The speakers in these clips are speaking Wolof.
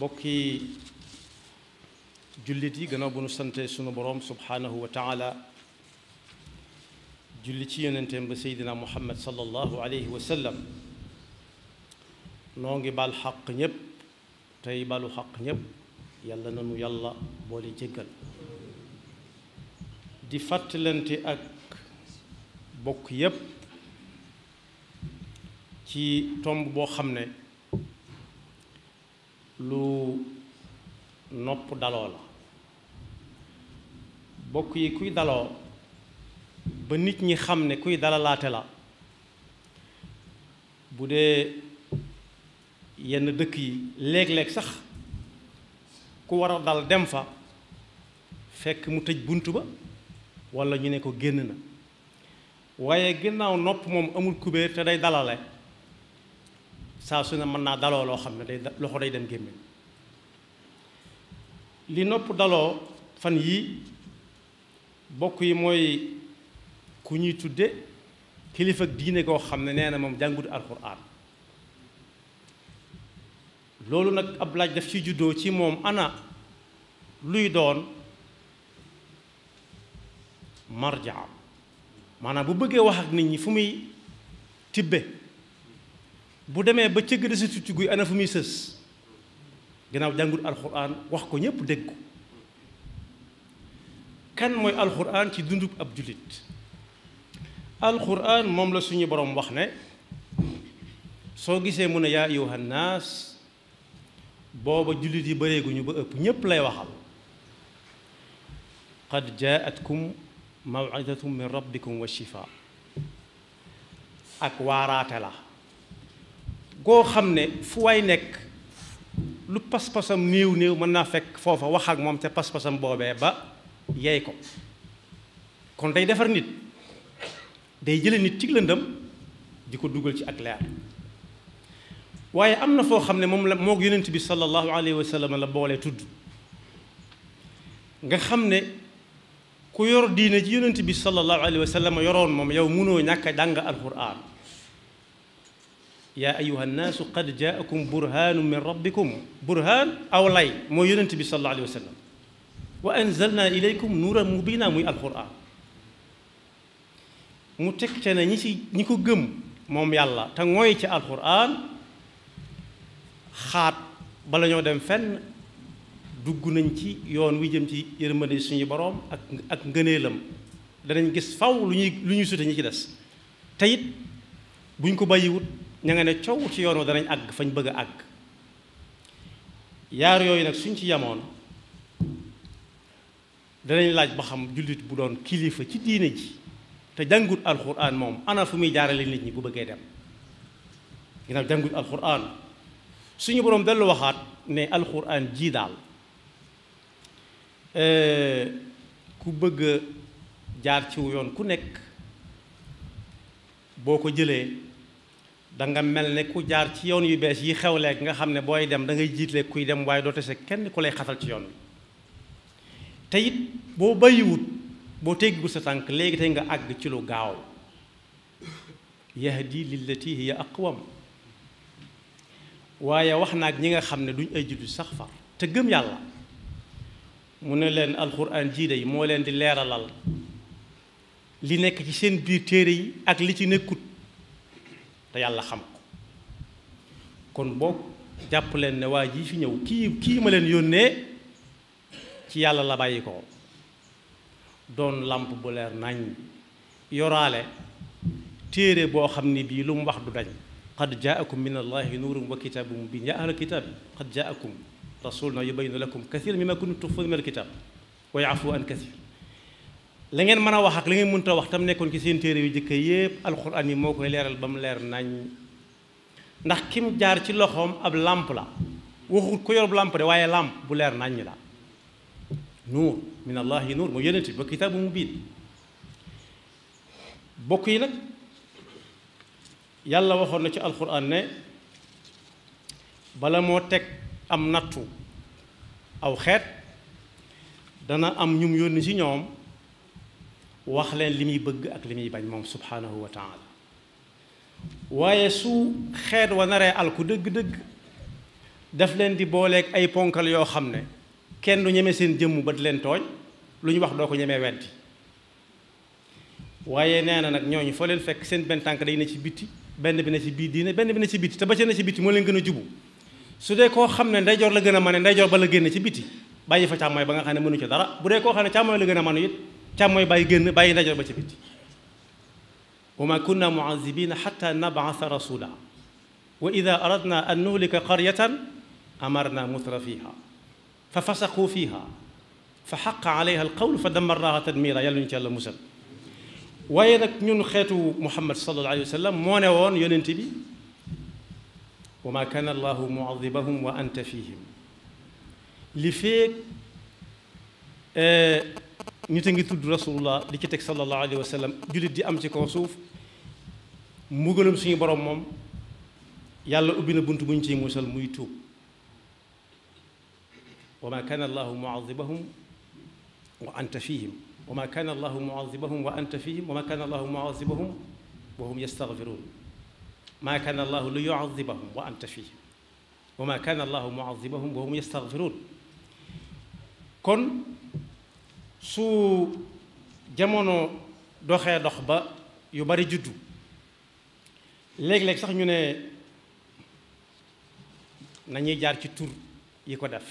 bokki jullit yi gannaaw bu nu sante sunu boroom subhaanahu wa taala julli ci yonenteem ba seydina muhammad sallallahu alayhi wa sallam noo ngi baal xaq ñépp tey balu xaq ñépp yàlla nanu yàlla boole jéggal di fàttalante ak bokk yépp ci tomb boo xam ne lu nopp daloo la bokk yi kuy daloo ba nit ñi xam ne kuy dalalaate la bu dee yenn dëkk yi léeg-léeg sax ku war a dal dem fa fekk mu tëj bunt ba walla ñu ne ko génn na waaye ginnaaw nopp moom amul kubéer te day dalale saa su ne mën naa daloo loo xam ne day loxo day dem gémmiñ li nopp daloo fan yii bokk yi mooy ku ñuy tudde kilifa diine koo xam ne nee na moom jàngut alxuraan loolu nag ab laaj daf ci juddoo ci moom ana luy doon marjaam maanaam bu bëggee wax ak nit ñi fu muy tibbe bu demee ba cëgg desi tuuti guy ana fu muy sës gannaaw jàngul alxuraan wax ko ñépp dégg ko kan mooy alxuraan ci dundub ab jullit alxuraan moom la suñu boroom wax ne soo gisee mu ne yaa ayyuhan booba jullit yi bareeguñu ba ëpp ñépp lay waxal qad jaatkum mawidatum min rabbikum wa shifa ak waaraate la koo xam ne fu waay nekk lu pas-pasam néew néew mën naa fekk foofa wax ak moom te pas-pasam boobee ba yey ko kon day defar nit day jële nit ci lëndëm di ko dugal ci ak leer waaye am na foo xam ne moom la moog yonent bi sallallahu alayhi wa sallam la boole tudd nga xam ne ku yor diine ji yonent bi sallallahu alayhi wa sallam yoroon moom yow mënoo ñàkk a jàng alquran yaa ayuha nnaasu qad jaakum burhaanu min rabbikum burhaan aw lay moo yonent bi sallallahu alayhi wa sallam wa anzalna ilaykum nuuran mubina muy alquran mu teg ca ne ñi ci ñi ko gëm moom yàlla te mooy ci alquran xaat bala ñoo dem fenn dugg nañ ci yoon wi jëm ci yërmande suñu boroom ak ak ngëneelam danañ gis faw lu ñuy lu ñuy sute ñi ci des te it buñ ko bàyyiwut ña nga ne coow ci yoon wa danañ àgg fañ bëgg a àgg yaar yooyu nag suñ ci yamoon danañ laaj ba xam jullit bu doon kilifa ci diine ji te jàngut alxuraan moom ana fu muy jaarale nit ñi bu bëggee dem ginnaaw jàngut alxuraan suñu boroom dellu waxaat ne alxuraan jii daal euh, ku bëgg a jaar ciw yoon ku nekk boo ko jëlee da mel ne ku jaar ci yoon yu bees yi xew leeg nga xam ne booy dem da ngay jiitle kuy dem waaye doo tese kenn ku lay xatal ci yoon wi te it boo bàyyiwut boo teggiwut sa tànk léegi tey nga àgg ci lu gaaw yahdi lillati hiya aqwam waaye wax naag ñi nga xam ne duñ ay juddu sax far te gëm yàlla mu ne leen alxuraan jiide yi moo leen di leeralal li nekk ci seen biir téere yi ak li ci nekkut te yàlla xam ko kon boo jàpp leen ne waa jii fi ñëw kii kii ma leen yónnee ci yàlla la bàyyi ko doon làmp bu leer nañ yoraale téere boo xam ni bii lu mu wax du dañ qad jaakum min allahi nuurun wa kitaabun mubiin yaa ahlal kitaab qad jaakum rasuluna yubayinu lakum kathiran mimma kuntum tuxfuuna min alkitab wa yafu an kathir la ngeen mën a wax ak la ngeen mënta wax tam nekkoon ci seen téere yu jëkk yépp alxuraan yi moo koy leeral ba mu leer nañ ndax kim jaar ci loxoom ab làmp la waxut ku yorub làmp de waaye làmp bu leer nañ la nuur min allahi nuur mooy yonent bi ba kitaabu mubiin bokk yi nag yàlla waxoon na ci alxuraan ne bala moo teg am nattu aw xeet dana am ñum yónni ci ñoom wax leen li muy bëgg ak li muy bañ moom subhaanahu wa taala waaye su xeet wa naree alku dëgg-dëgg daf leen di booleek ay ponkal yoo xam ne kenn du ñeme seen jëmm ba di leen tooñ lu ñu wax doo ko ñemee weddi waaye nee na nag ñooñu foo leen fekk seen benn tànk day ne ci bitti benn bi ne ci biir diine benn bi ne ci bitti te ba ci ne ci bitti moo leen gën a jubu su dee koo xam ne ndeyjoor la gën a mane ndeyjoor ba la génne ci bitti bàyyi fa càmmooy ba nga xam ne mënu ci dara bu dee koo xam ne càmmooy la gën a manu it càmmooy bàyyi génn bàyyi ndajoor ba ci biti wa ma kunna muazibina xatta nabaasa rasula wa ida aradna an nuhlika qaryatan amarna mutra fiha fa fasaqu fiha fa xaqa alayha alqawlu fa damarnaha tadmira yàlla ñu ci yàlla musal waaye nag ñun xeetu muhammad sallallahu alayhi wa sallam moo ne woon yonent bi wa ma kaana allahu muadibahum wa anta fihim li feeg eh, ñu te ngi tudd rasulullah di ci teg sallallahu alayhi wa sallam jullit di am ci kaw suuf mbugalum suñu borom moom yàlla ubbi na bunt bu ñu ciy musal muy tuub wa ma kana allahu muadibahum wa anta fihim wa ma kana allahu muadibahum wa anta fihim wa ma kana allahu muadibahum wa hum yastaghfiruun ma kana allahu li yuadibahum wa anta fihim wa ma kana allahu muadibahum wa hum yastaghfiruun kon su jamono doxee dox ba yu bari juddu léeg-léeg sax ñu ne nañuy jaar ci tur yi ko def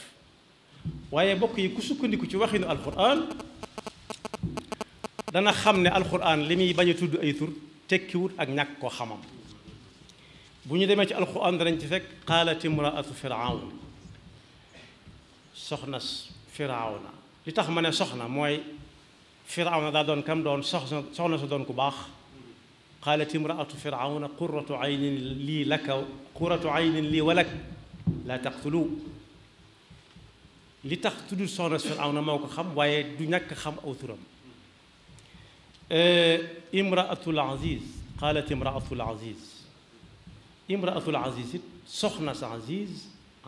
waaye bokk yi ku sukkandiku ci waxinu alquran dana xam ne alquran li muy bañ tudd ay tur tekkiwut ak ñàkk koo xamam bu ñu demee ci alquran danañ ci fekk qaalat imraatu firawn soxnas firawna li tax ma ne soxna mooy firawna daa doon kam doon soxna soxna su doon ku baax qaalat imraatu firawna quratu aynin lii laka quratu aynin lii walak laa taqtulu li tax tuddul soxna su firawna moo ko xam waaye du ñàkk xam aw turam eh, imraatul aziz qaalat imraatul aziz imraatul aziz it soxna sa aziz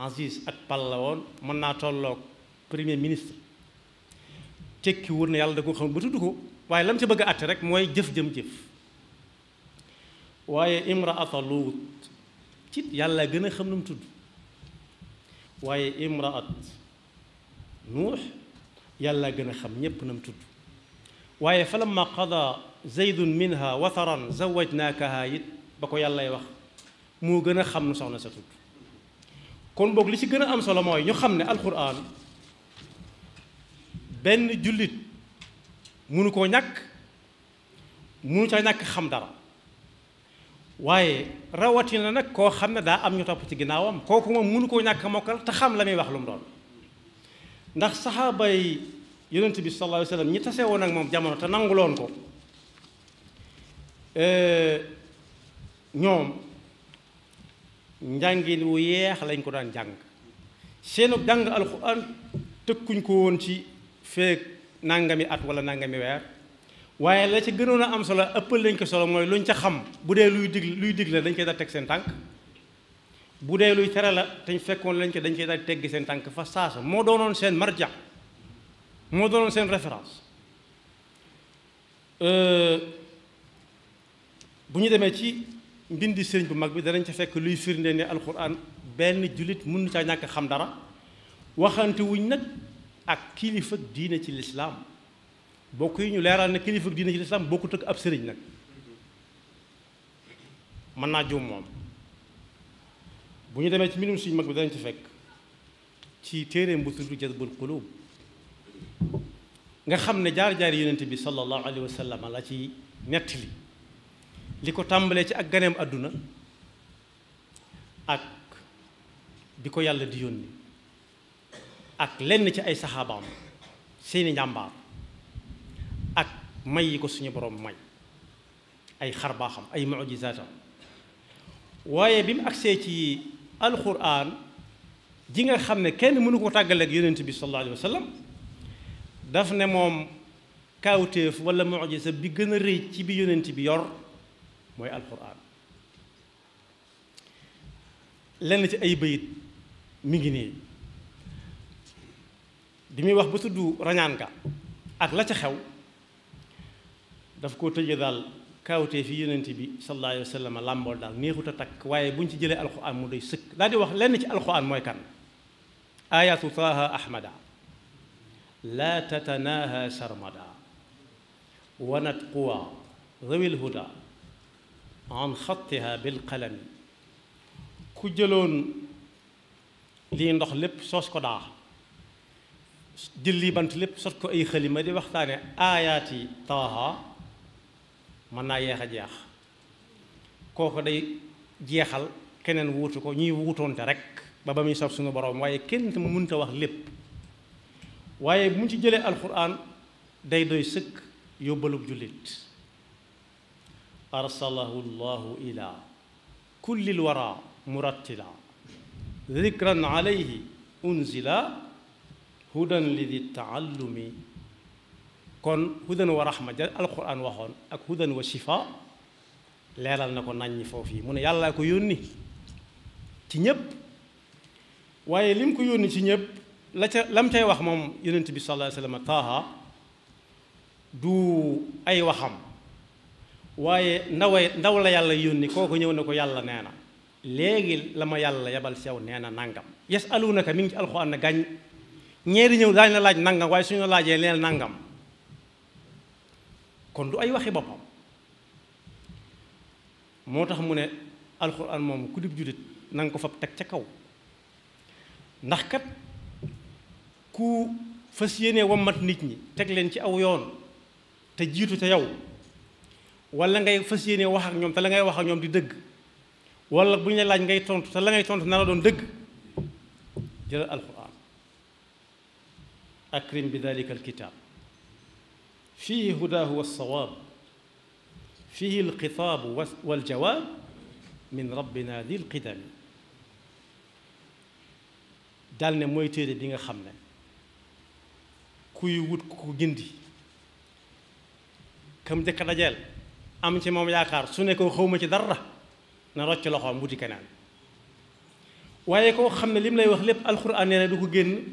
aziz ak pal la woon mën naa tolloog premier ministre tekki wur na yàlla da ko xam ba tudd ko waaye lam ca bëgg a àtte mooy jëf jëm jëf waaye imraata luut ci yàlla gën a xam nu mu tudd waaye imraat nuux yàlla gën a xam ñépp na mu tudd waaye fa lamma qada zaydun minha wataran zawajnaakaha it ba ko yàllay wax moo gën a xam nu soxna sa tudd kon boog li ci gën a am solo mooy ñu xam ne alquran benn jullit munu koo ñàkk munu ca ñàkk xam dara waaye rawatina nag koo xam ne daa am ñu topp ci ginnaawam kooku moom munu koo ñàkk mokkal te xam la muy wax lu mu doon ndax saxaaba yi yonent bi sallallahu alayhi wa sallam ñi tase woon ak moom jamono te nanguloon ko euh, ñoom njàngin wu yeex lañ ko daan jàng seenu jàng tëkkuñ ko woon ci feek nangami at wala nangami weer waaye la ci gënoon a am solo ëpp lañ ko solo mooy luñ ca xam bu dee luy dig luy dig la dañ koy daal teg seen tànk bu dee luy tere la te fekkoon lañ ko dañ koy daal teggi seen tànk fa saasa moo doonoon seen marja moo doonoon seen référence euh, bu ñu demee ci mbindi sëriñ bu mag bi danañ ca fekk luy firnde ne alxuraan benn jullit mënu caa ñàkk xam dara waxante nag ak kilifa diine ci lislaam bokk yi ñu leeral ne kilifa diine ci lislaam bokkut ak ab sëriñ nag mën naa juum bu ñu demee ci mbindum suñu mag bi danañ ci fekk ci téereem bu jël jazbul qulub nga xam ne jaar-jaari yonent bi sallallahu alayhi wa sallam la ci nettali li ko tàmbalee ci ak ganeem àdduna ak bi ko yàlla di yónni ak lenn ci ay saxaabaam seeni njàmbaar ak may yi ko suñu borom may ay xarbaaxam ay mujisaatam waaye bi mu agsee ci alquran ji nga xam ne kenn mënu ko tàggale ak yonent bi sallallahu alayhi wa sallam daf ne moom kaawteef wala mujisa bi gën a rëy ci bi yonent bi yor mooy alquran lenn ci ay bayit mu ngi nii bi muy wax ba tudd rañaan ga ak la ca xew daf koo tëje daal kaawtee fi yonent bi sallallahu alayhi làmbool daal neexut a takk waaye bu ñu ci jëlee alxuraan mu doy sëkk daal di wax lenn ci alxuraan mooy kan ayatu taaha ahmada laa tatanaha sarmada wanat quwa zawil huda an xattiha bilqalami ku jëloon lii ndox lépp soos ko daa jël lii bant lépp sot ko ay xalima di waxtaane aayaati taaha mën naa yeex a jeex kooku day jeexal keneen wuutu ko ñuy wuutoonte rek ba ba muy soog suñu borom waaye kenn mu mënta wax lépp waaye bu mu ci jëlee alquran day doy sëkk yóbbalub jullit arsalahu llahu ila kulli lwara murattila dikran alayhi unzila hudan li di taallumi kon hudan wa rahma ja alquran waxoon ak hudan wa shifa leeral na ko naññ foofu yi mu ne yàlla ko yónni ci ñëpp waaye lim ko yónni ci ñëpp la ca lam cay wax moom yonent bi sallallahu alayhi wa sallam du ay waxam waaye ndaway ndaw la yàlla yónni kooku ñëw na ko yàlla nee na léegi la ma yàlla yabal sew neena na nangam yasalunaka mi ngi ci na gàññ ñeeri ñëw daañu la laaj nangam waaye suñu la laajee neel nangam kon du ay waxi boppam moo tax mu ne alxuraan moom ku dib jullit na ko fab teg ca kaw ndax kat ku fas yéene wammat nit ñi teg leen ci aw yoon te jiitu ca yow wala ngay fas yéene wax ak ñoom te la ngay wax ak ñoom di dëgg wala bu ñu la laaj ngay tontu te la ngay tontu na la doon dëgg jëlal alxuraan akrim bi dalika alkitaab fiihi hudaahu wassawaab fiihi alxitaabu waljawaab min rabbina dil qidami dal ne mooy téere bi nga xam ne kuy wut ku gindi kam njëkk dajeel am ci moom yaakaar su ne ko xawma ci dara na rocc loxoom wuti keneen waaye koo xam ne lim lay wax lépp alxuraan nee na du ko génn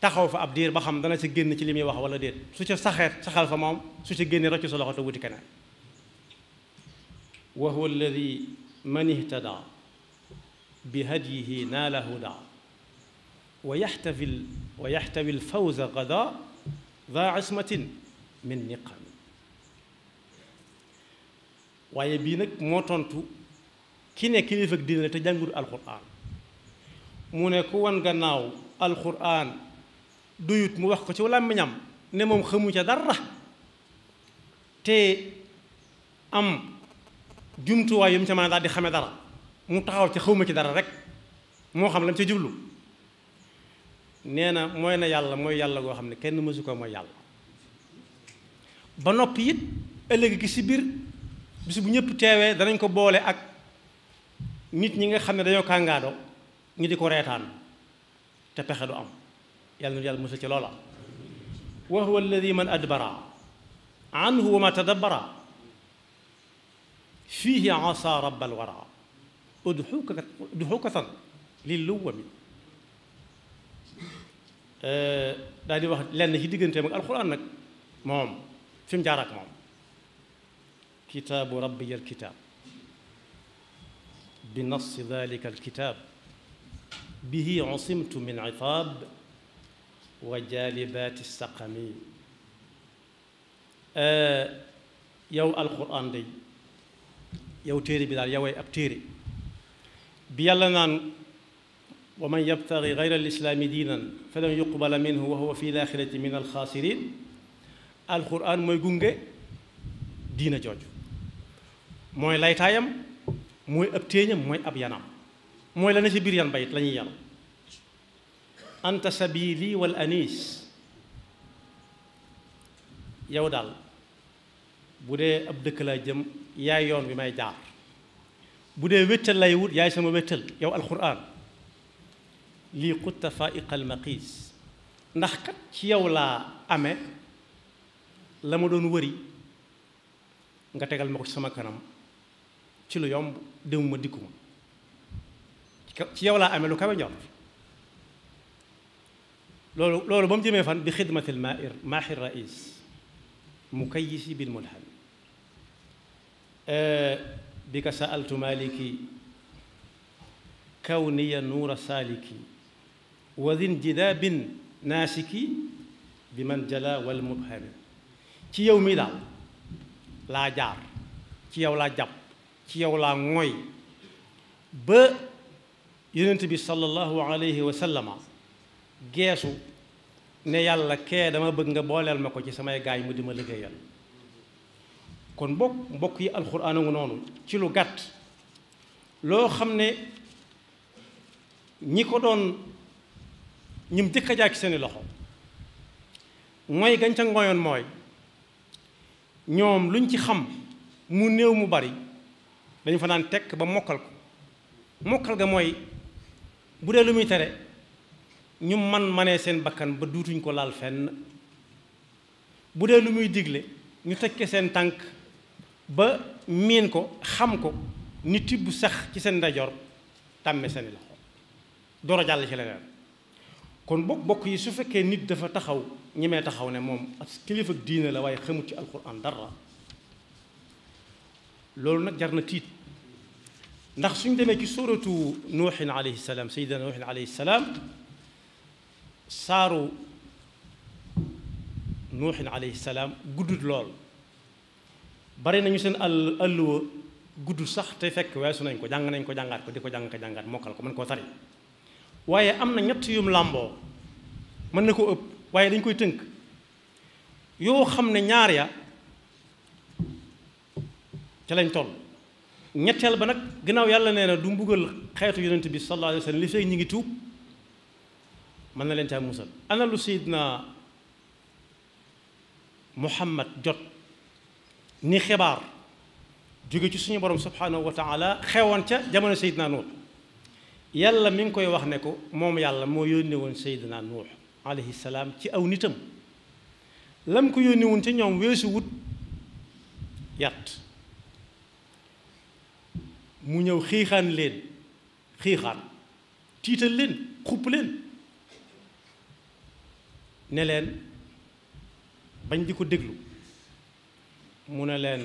taxaw fa ab diir ba xam dana ci génn ci li muy wax wala déet su ca saxeet saxal fa moom su ci génne rocc sa loxo te wuti keneen wa huwa alladi man ihtada bi hadyihi naala huda wa wa yaxtawi bii nag moo tontu ki ne kilifa diine te jàngul alquran mu ne ku wan gannaaw alquran doyut mu wax ko ci làmmiñam ne moom xamu ca dara te am jumtuwaay yu mu ca mën a daal di xame dara mu taxaw ca xawma ci dara rek moo xam lam ca jublu nee na mooy na yàlla mooy yàlla goo xam ne kenn mësu ko mooy yàlla ba noppi it ëllëg gi si biir bis bu ñëpp teewee danañ ko boole ak nit ñi nga xam ne dañoo kàngaado ñi di ko reetaan te pexe du am yàlla na yàlla musal ci loola wa huwa alladi man adbara anhu wa ma tadabbara fiihi asa rabb alwara duxukatan lil luwami daal di wax lenn ci digganteem ak alquran nag moom fi mu jaar ak moom kitaabu rabbiya alkitaab bi nas dalika alkitaab bihi usimtu min itaab wa jaalibaati saqami yow alquran day yow téere bi daal yowee ab téere bi yàlla naan wa man yabtagi gayra alislaami diinan falan yuqbala minhu wa huwa fi laaxirati min alxaasirin alquran mooy gunge diina jooju mooy laytaayam mooy ab téeñam mooy ab yanam mooy la ne ci biir yan bayit la ñuy anta sabili wal anis yow daal bu dee ab dëkk laa jëm yaay yoon bi may jaar bu dee wéttal lay wut yaay sama wéttal yow alquran lii xutta faiqa almaqiis ndax kat ci yow laa ame la ma doon wëri nga tegal ma ko ci sama kanam ci lu yomb demuma dikkuma ci yow laa ame lu kawe njort loolu loolu ba mu jëmee fan bi xidmatil maahir maahir rais mukayisi bil mulham euh, bi ka saaltu maliki kawniya nuura saaliki wa din jidabin naasiki bi man jala wal mubhami ci yow mi daal laa jaar ci yow laa jàpp ci yow laa mooy ba yonent bi sallallahu alayhi wa sallama geesu ne yàlla kee dama bëgg nga booleel ma ko ci samay gaay mu di ma liggéeyal kon bokk mbokk yi alxuraan a noonu ci lu gàtt loo xam ne ñi ko doon ñim dëkk a seeni loxo mooy gañ ca ngoyoon mooy ñoom luñ ci xam mu néew mu bari dañu fa naan tekk ba mokkal ko mokkal ga mooy bu dee lu muy tere ñu man manee seen bakkan ba duutuñ ko laal fenn bu dee lu muy digle ñu tekke seen tànk ba miin ko xam ko ni tibb sax ci seen ndajoor tàmme seeni loxo door a jàll ci leneen kon bokk bokk yi su fekkee nit dafa taxaw ñemee taxaw ne moom ak kilifa diine la waaye xamut ci alxuraan dara loolu nag jar na tiit ndax suñ demee ci suuratu nuuxin alayhi salaam sayyidina nuuxin alayhi salaam saaru nuuxin alayhi salaam guddut lool bari nañu seen àll àlluwa guddut sax te fekk weesu nañ ko jàng nañ ko jàngaat ko di ko jàng ko jàngaat mokkal ko mën koo tari waaye am na ñett yum làmboo mën na koo ëpp waaye dañ koy tënk yoo xam ne ñaar ya ca lañ toll ñetteel ba nag gannaaw yàlla nee na du mbugal xeetu yonent bi sallallahu alayhi wa sallam li fekk ñi ngi tuub mën na leen caa musal ana lu Seydina Muhammad jot ni xibaar jóge ci suñu borom subhanahu wa taala xewoon ca jamono Seydina Nuux yàlla mi koy wax ne ko moom yàlla moo yónne woon Seydina Nuux alayhi salaam ci aw nitam lam ko yónni woon ci ñoom weesu wut yat mu ñëw xiixaan leen xiixaan tiital leen xupp leen ne leen bañ di ko déglu mu ne leen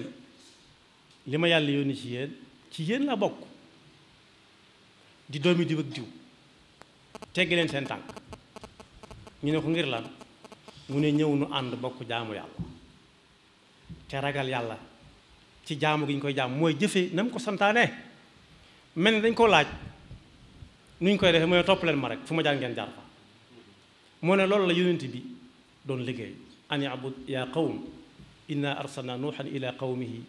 li ma yàlla yónni ci yéen ci yéen la bokk di doomi diw ak diw teggi leen seen tànk ñu ne ko ngir lan mu ne ñëw nu ànd bokk jaamu yàlla te ragal yàlla ci jaamu gi ñu koy jaam mooy jëfe na mu ko santaane mel ni dañ koo laaj nu ñu koy defee mooy topp leen ma rek fu ma jàngeen ngeen jaar fa moo ne loolu la yonent bi doon liggéey an yabud yaa qawm inna arsalna nuuxan ila qawmihi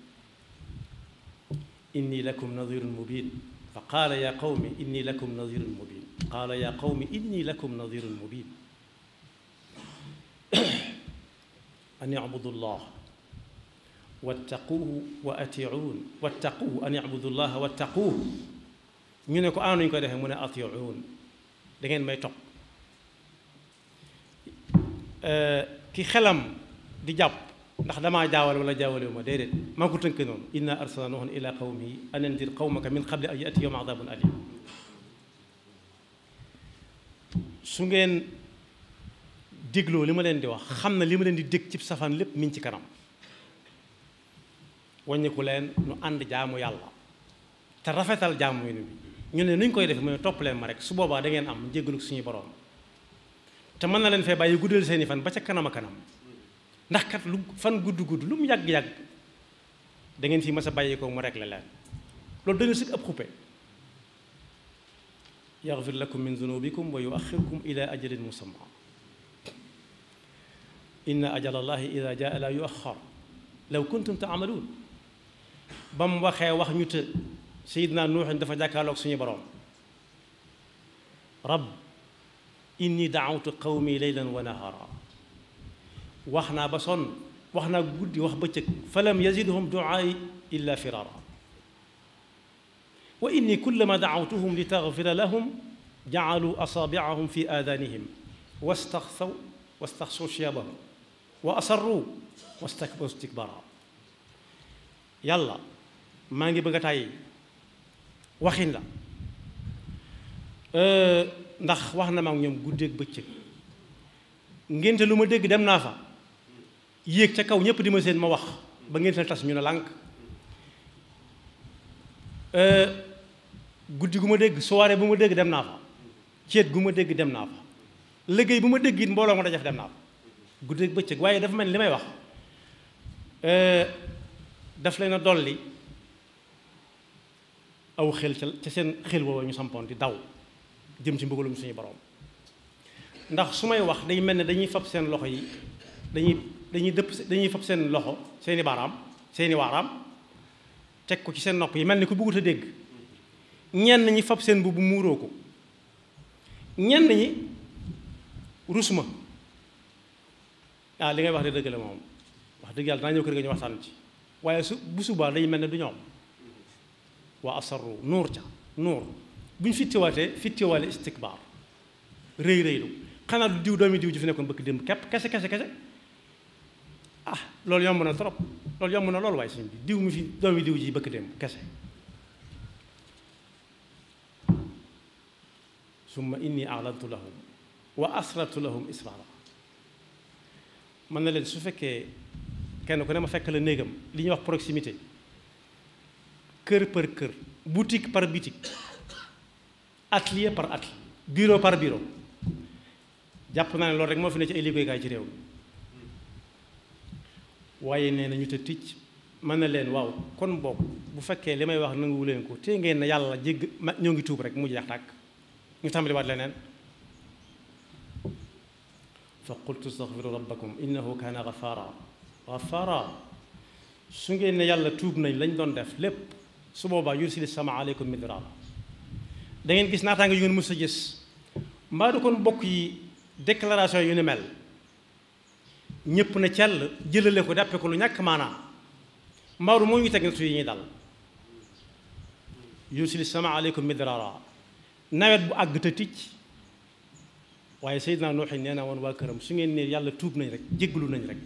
inni lakum nadirun mubin fa qaala yaa qawmi inni lakum nadirun mubin qaala yaa qawmi inni lakum nadirun mubin an yabudu llah wattaquuhu wa atiuun wattaquuhu an yabudu llaha wattaquuhu ñu ne ko am ah, nañu ko defee mu ne atiuun da ngeen may topp Euh, ki xelam di jàpp ndax damaa jaawale wala jaawale wu ma déedéet maa ko tënk noonu inna arsalna nuuhan ila qawmihi an andir qawmaka min qabli an yatiyahum adabun alim su ngeen dégloo li ma leen di wax xam na li ma leen di dégg cib safaan lépp miñ ci kanam wàññiku leen nu ànd jaamu yàlla te rafetal jaamu yi ñu ne nuñ koy def mooy topp leen ma rek su boobaa dangeen am njéggalu suñu borom. te mën na leen fee bàyyi guddal seeni fan ba ca kanam a kanam ndax kat lu fan gudd gudd lu mu yàgg yàgg dangeen ngeen fi mas a bàyyi ko mu rek la leen loolu dañu sik ab xuppe yaxfir lakum min zunubikum wa yuaxirkum ila ajalin musamma inna ajala allahi ida jaa la yuaxar law kuntum taamaluun ba mu waxee wax ñu të sayidna nuuxin dafa jàkkaarloog suñu boroom inni daawtu qawmi laylan wa nahara wax naa ba sonn wax naa guddi wax bëccëg falam yazidhum duaai illa firara wa inni kullama daawtuhum li taxfira lahum jaalu asaabiahum fi aadanihim wastaxsaw wastaxsaw siyabahum wa asarru wastakbaru istikbara yàlla maa ngi bëgg a tàyyi waxin la ndax wax na ma ak ñoom guddeeg bëccëg ngénte lu ma dégg dem naa fa yéeg ca kaw ñëpp di ma seen ma wax ba ngénte la tas ñu ne lànk euh, guddi gu ma dégg soirée bu ma dégg dem naa fa ceet gu ma dégg dem naa fa liggéey bu ma dégg it mbooloo ma dajaf dem naa fa guddeeg bëccëg waaye dafa mel ni li may wax euh, daf leen a dolli aw xel ca seen xel woowa ñu sampoon di daw jëm ci mbugalum suñu borom ndax su may wax day mel ne dañuy fab seen loxo yi dañuy dañuy dëpp dañuy fab seen loxo seeni baaraam seeni waaraam teg ko ci seen nopp yi mel ni ku bëggut a dégg ñenn ñi fab seen mbubb muuroo ko ñenn ñi rus ma ah li ngay wax de dëgg moom wax dëgg yàlla dinaa ñëw kër ga ñu waxtaan ci waaye su bu subaa day mel ni du ñoom waa asarru nuur ca nuur bu ñu fittiwaatee fittiwaale istikbaar rëy rëylu xanaa du diw doomi diw ji fi nekkoon bëgg démb képp kese kese kese ah loolu yomb na trop lool yomb na loolu waaye sëñ bi diw mi fi doomi diw ji bëgg démb kese summa inni alantu lahum wa asrartu lahum israra mën na leen su fekkee kenn ku ne ma fekk la néegam li ñuy wax proximité kër par kër boutique par boutique atelier par atelier bureau par bureau jàpp naa ne loolu rek moo fi ne ci ay liggéeykaay ci réew mi waaye nee na ñu te ticc mën na leen waaw kon boobu bu fekkee li may wax nanguwu leen ko te ngeen na yàlla jégg ma ñoo ngi tuub rek mu jeex tàkk ñu tàmbaliwaat leneen fa qultu astaghfiru rabbakum innahu kaana ghafaara ghafaara su ngeen ne yàlla tuub nañ lañ doon def lépp su boobaa si yursil sama aleykum midrara da ngeen gis naataanga yu ngeen mës a gis mbaa du kon bokk yi déclaration yu ni mel ñëpp na cell jëlale ko dàppe ko lu ñàkk maanaam mbaa du moo ngi teg na yi ñuy dal yursili sama aleykum midrara nawet bu àgg te ticc waaye Seydina Nuuxin nee naa woon waa këram su ngeen ne yàlla tuub nañ rek jéggalu nañ rek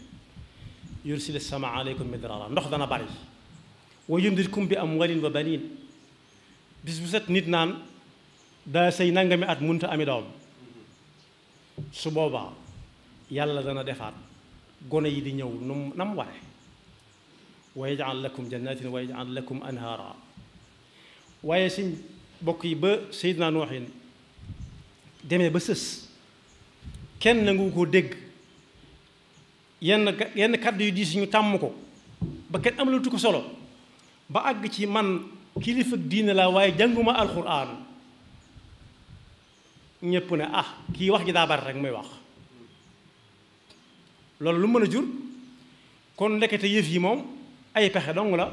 yursili sama aleykum midrara ndox dana bari wa yumditkum bi amwaalin wa baniin bis bu set nit naan daa sëy nangami at munta ami doom su boobaa yàlla dana defaat gone yi di ñëw num nam ware wa yaj'al lakum jannatin wa yaj'al lakum anhaara waaye suñ bokk yi ba Seydina Nuux demee ba sës kenn nangu ko dégg yenn yenn kàddu yu diis ñu tàmm ko ba kenn am ko solo ba àgg ci man kilifa diine laa waaye jànguma alxuraan ñépp ne ah kii wax ji daa bari rek muy wax loolu lu mën a jur kon ndekete yëf yi moom ay pexe dong la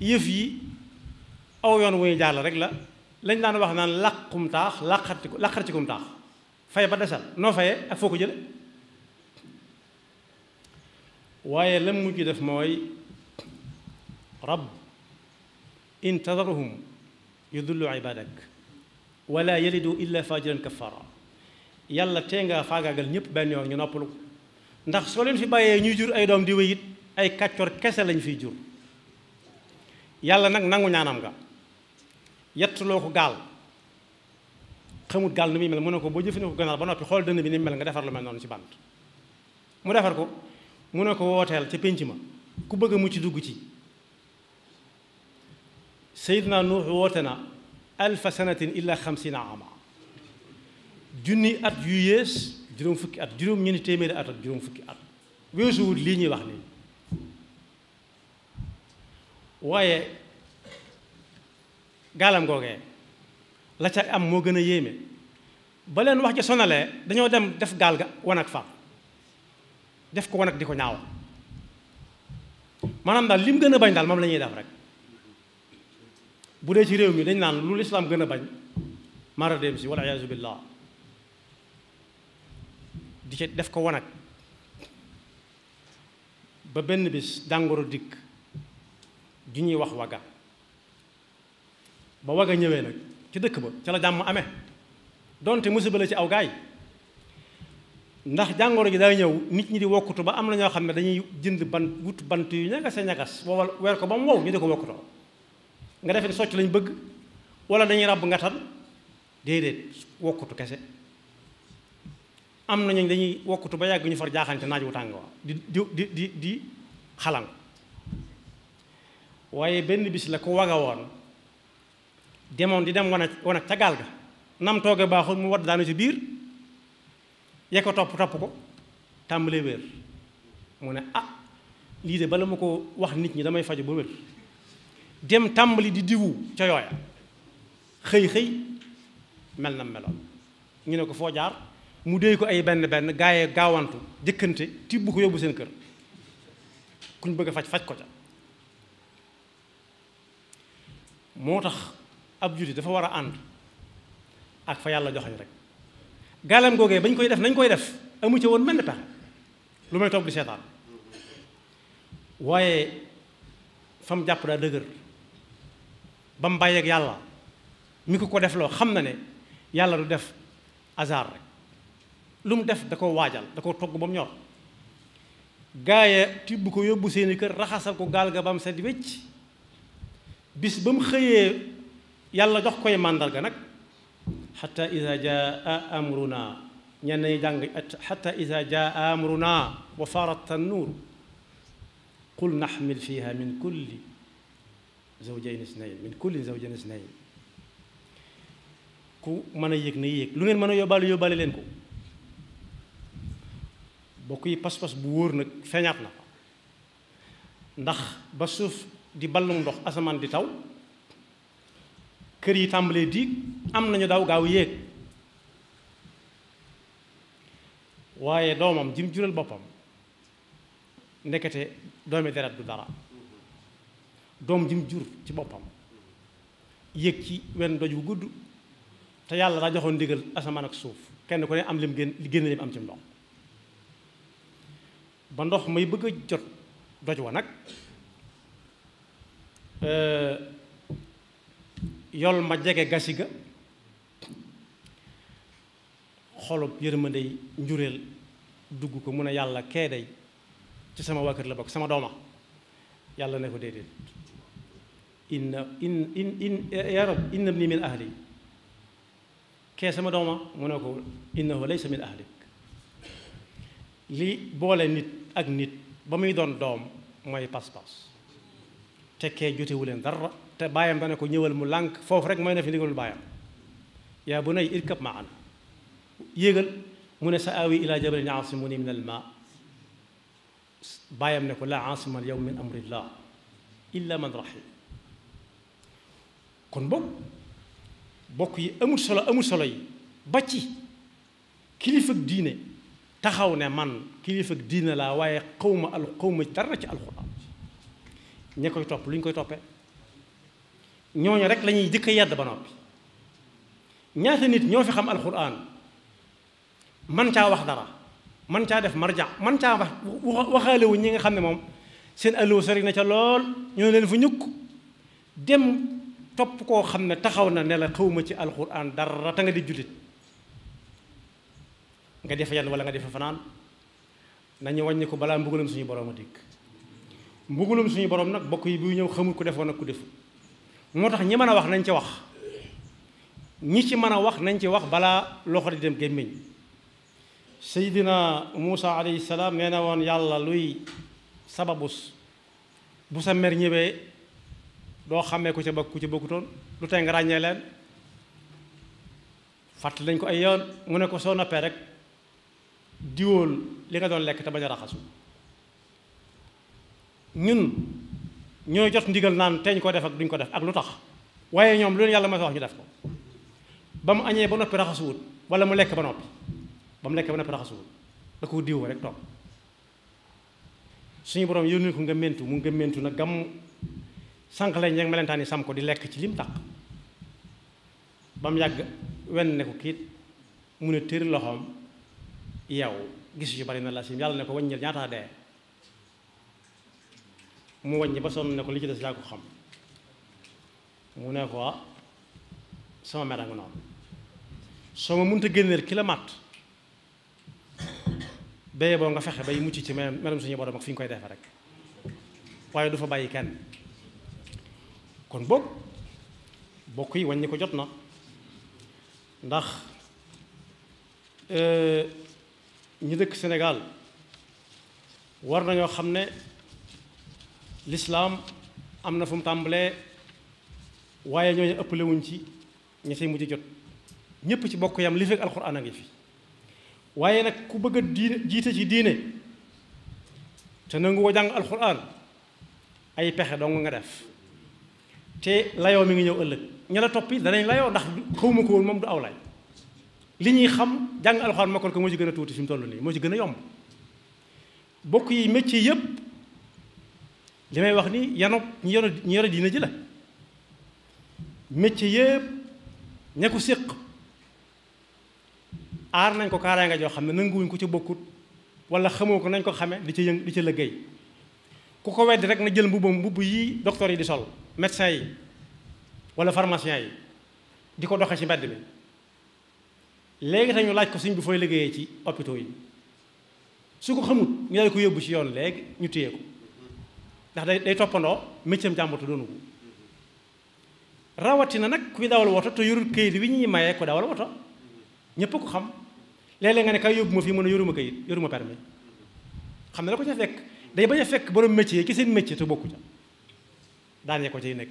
yëf yi aw yoon wu ñu rek la lañ daan wax naan làqum taax làqati ko kum taax fay ba desal noo fayee ak foo ko jële waaye lam mujj def mooy rab in tadaruhum yudullu ibadak wala yalidu illa fajiran kaffara yàlla tee nga faagaagal ñëpp benn yoon ñu noppalu ko ndax soo leen fi bàyyee ñuy jur ay doom di wéyit ay kàccoor kese lañu fiy jur yàlla nag nangu ñaanam nga yettuloo ko gaal xamut gaal nu muy mel mu ne ko boo jëfandikoo ganaar ba noppi xool dënn bi ni mel nga defar lu mel noonu ci bant mu defar ko mu ne ko wooteel ca pénc ma ku bëgg a ci dugg ci Seydina Nuux woote na alfa sanatin illa xamsina ama junni at yu yées juróom fukki at juróom ñeenti téeméeri at ak juróom fukki at weesuwut lii ñuy wax nii waaye gaalam googee la ca am moo gën a yéeme ba leen wax ci sonalee dañoo dem def gaal ga wan wanag fa def ko wanag di ko ñaaw maanaam daal lim gën a bañ daal moom la ñuy def rek bu dee ci réew mi dañ naan lu lislaam gën a bañ mara dem si wala iyaasu billah di ca def ko wanag ba benn bis jàngoro dikk ju ñuy wax wagga ba wagga ñëwee nag ci dëkk ba ca la jàmm amee donte musiba la ci aw gaay ndax jàngoro ji day ñëw nit ñi di wokkutu ba am na ñoo xam ne dañuy jënd ban wut bant yu ñagas a ñagas woowal weer ko ba mu wow ñu di ko wokkutoo nga defee ni socc lañ bëgg wala dañuy ràbb ngatal déedéet wokkutu kese am na ñooñu dañuy wokkutu ba yàgg ñu far jaaxante naaj wu tàng di di di di di waaye benn bis la ku waga woon demoon di dem wan ak wan ak ca gaal ga nam tooge baaxul mu wadd daanu ci biir ye topp topp ko tàmbalee wér mu ne ah lii de bala ma ko wax nit ñi damay fajo ba wér dem tàmbali di diwu ca yooya xëy xëy mel na meloon ñu ne ko foo jaar mu déy ko ay benn benn gaayee gaawantu jëkkante tibb ko yóbbu seen kër kuñ bëgg faj faj ko ca moo tax ab jullit dafa war a ànd ak fa yàlla joxañ rek gaalam googee bañ koy def nañ koy def amu ca woon mel ni pexe lu may toog di seetaan waaye fam jàpp daa dëgër ba mu bàyyeeg yàlla mi ko ko def loo xam na ne yàlla du def hasard rek lu mu def da ko waajal da ko togg ba mu ñor gaaye tibb ko yóbbu seeni kër raxasal ko gaal ga ba mu set wécc bis ba mu xëyee yàlla jox koy màndarga nag xata ida jaa amruna ñenn ñi jàng xata ida jaa amruna wa farat tannuur qul naxmil fiha min kulli zawjayni isnayni min kulli zawjayni isnayni ku mën a yéeg na yéeg lu ngeen mën a yóbbaale yóbbaale leen ko bokk yi pas-pas bu wóor nag feeñaat na ndax ba suuf di ballum ndox asamaan di taw kër yi tàmbalee diig am nañu daw gaaw yéeg waaye doomam jim jural boppam ndekete doomi deret du dara doom ji jur ci boppam yëg ci wenn doj bu gudd te yàlla daa joxoon ndigal asamaan ak suuf kenn ko ne am lim génn li génn am ci ndox ba ndox may bëgg a jot doj wa nag euh, yol ma jege gasi ga xolub yërmandey njureel dugg ko mun a yàlla kee day ci sama waa kër la bokk sama dooma yàlla ne ko déedéet inna in in in min ahli kee sama dooma mu ne ko innahu laysa min ahlik li boole nit ak nit ba muy doon doom mooy pas-pas te kee jotewu leen dara te baayam dana ko ñëwal mu lànk foofu rek mooy na fi ndigalul baayam yaa bu nay irkab maana yéegal mu ne sa aawi ilaa jabalin yaasimuni min al baayam ne ko la aasima al yawma min amrillah illa man rahim kon boog bokk yi amul solo amul solo yi ba ci kilifa diine taxaw ne man kilifa diine laa waaye xawma al xawma dara ci alxuraan ña koy topp lu koy toppe ñooñu rek lañuy ñuy jëkk a ba noppi ñaata nit ñoo fi xam alxuraan man caa wax dara man caa def marja man caa wax waxaale wu ñi nga xam ne moom seen alluwa sori na ca lool ñoo leen fa ñukk dem topp koo xam ne taxaw na ne la xawma ci alxuraan dara ta nga di jullit nga defe yan wala nga defe fanaan nañu wàññi ko balaa mbugalum suñu borom a dikk mbugalum suñu borom nag bokk yi bu ñëw xamul ku defoon ak ku def moo tax ñi mën a wax nañ ci wax ñi ci mën a wax nañ ci wax balaa loxo di dem gémmiñ seydina Muusa alayhi salaam nee na woon yàlla luy sababus bu sa mer ñëwee doo xàmmee ku ca bokk ci ca bokkutoon lu tey nga ràññee leen fàttali nañ ko ay yoon mu ne ko soo noppee rek diwool li nga doon lekk te bañ a raxasu ñun ñoo jot ndigal naan teeñ ko def ak duñ ko def ak lu tax waaye ñoom loolu yàlla ma sa wax ñu def ko ba mu añee ba noppi raxasuwut wala mu lekk ba noppi ba mu lekk ba noppi raxasuwut da ko diwoo rek toog suñu borom yónni ko nga mentu mu nga mentu na gàmm sànq lañ rek melentaan yi sam ko di lekk ci lim taq ba mu yàgg wenn ne ko kiit mu ne tër loxoom yow gis yu bari na la sim yàlla ne ko waññil ñaata dee ba sonn ne ko li ci des yaa xam mu ne ko ah, sama mer noonu soo ma mënta génneel ki la màtt bee nga fexe bay mucc ci meram suñu borom ak fi ñu koy defe rek waaye du fa bàyyi kenn kon boog bokk yi wàññi ko jot na ndax euh, ñu dëkk Sénégal war na ñoo xam ne lislaam am na fu mu tàmbalee waaye ñooñu ëppale wuñ ci ña say mujj jot ñépp ci bokk yam li fekk alxuraan a ngi fi waaye nag ku bëgg a diine jiite ci diine te nangu ko jàng alxuraan ay pexe dong nga def te layoo mi ngi ñëw ëllëg ña toppi danañ layoo ndax xawma ko woon moom du aw lay li ñuy xam jàng alxuraan mokkal ko moo ci gën a tuuti fi mu toll nii moo ci gën a yomb bokk yi métier yëpp li may wax ni yano ñu yoro ñu yoro diina ji la métier yëpp ña ko séq aar nañ ko kaaraanga joo xam ne nanguwuñ ko ci bokkut wala xamoo ko nañ ko xame di ca yëng di ca liggéey ku ko weddi rek na jël mbubbam mbubb yi docteur yi di sol médecin yi wala pharmacien yi di ko doxe ci mbedd mi léegi te laaj ko suñ bi fooy liggéeyee ci hôpitaux yi su ko xamut ñu dal ko yóbbu ci yoon léegi ñu téye ko ndax day day toppandoo métier jàmbatu doonu ko rawatina nag kuy dawal woto te yorul kayit wi ñuy mayee ko dawal woto ñépp ko xam léeg-léeg nga ne kay yóbbu ma fii mën a yoruma kayit yoruma permis xam ne la ko ca fekk day bañ a fekk borom métier ki seen métier te bokku ca daanee ko ciy nekk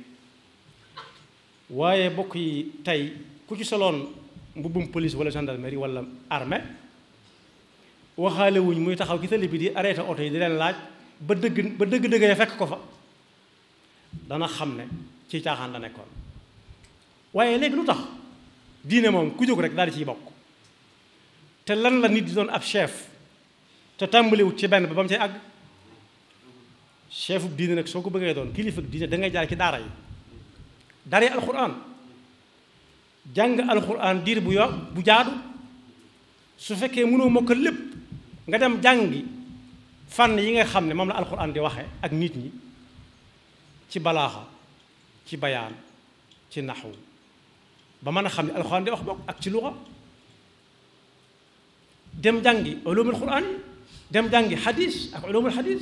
waaye bokk yi tey ku ci soloon mbubbum police wala gendarmerie wala armée waxaale muy taxaw ci tali bi di arrêté oto yi di leen laaj ba dëgg ba dëgg-dëgg ya fekk ko fa dana xam ne ci caaxaan la nekkoon waaye léegi lu tax diine moom ku jóg rek daal di ciy bokk te lan la nit di doon ab chef te tàmbaliwut ci benn ba ba mu cay àgg chefu diine nag soo ko bëggee doon kilifa diine da ngay jaar ci daara yi daara alxuraan jàng alxuraan diir bu yo bu jaadu su fekkee mënoo mokkal lépp nga dem jàngi fànn yi nga xam ne moom la alxuraan di waxe ak nit ñi ci balaaxa ci bayaan ci naxwu ba mën a xam ne alxuraan di wax bokk ak ci luxa dem jàngi ulumul xuraan yi dem jàngi xadis ak ulumul xadis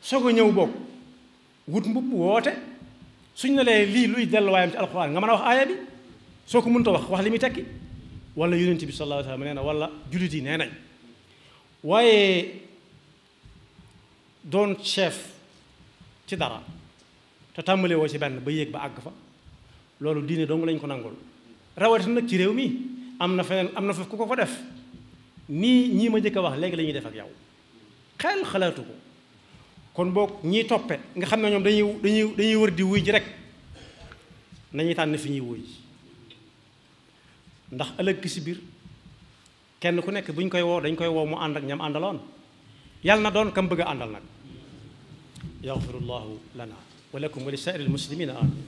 soog a ñëw bokk wut mbubb woote suñ ne lee lii luy delluwaayam ci alxuraan nga man a wax aaya bi soo ko a wax wax li muy tekki wala yonent bi sallallahu alayhi wa nee na wala jullit yi nee nañ waaye doon chef ci dara te tàmbale ci benn ba yéeg ba àgg fa loolu diine dong lañ ko nangul rawatina nag ci réew mi am na feneen am na fa ku ko fa def nii ñii ma njëkk a wax léegi lañuy def ak yow xel xalaatu ko kon boog ñiy toppe nga xam ne ñoom dañuy dañuy dañuy wër di wuy ji rek nañuy tànn fi ñuy wuy ji ndax ëllëg ki si biir kenn ku nekk bu ñu koy woo dañ koy woo mu ànd ak ñam àndaloon yàlla na doon kam bëgg a àndal nag yaxfirullahu lana wa lakum wa li saa'iril muslimina amin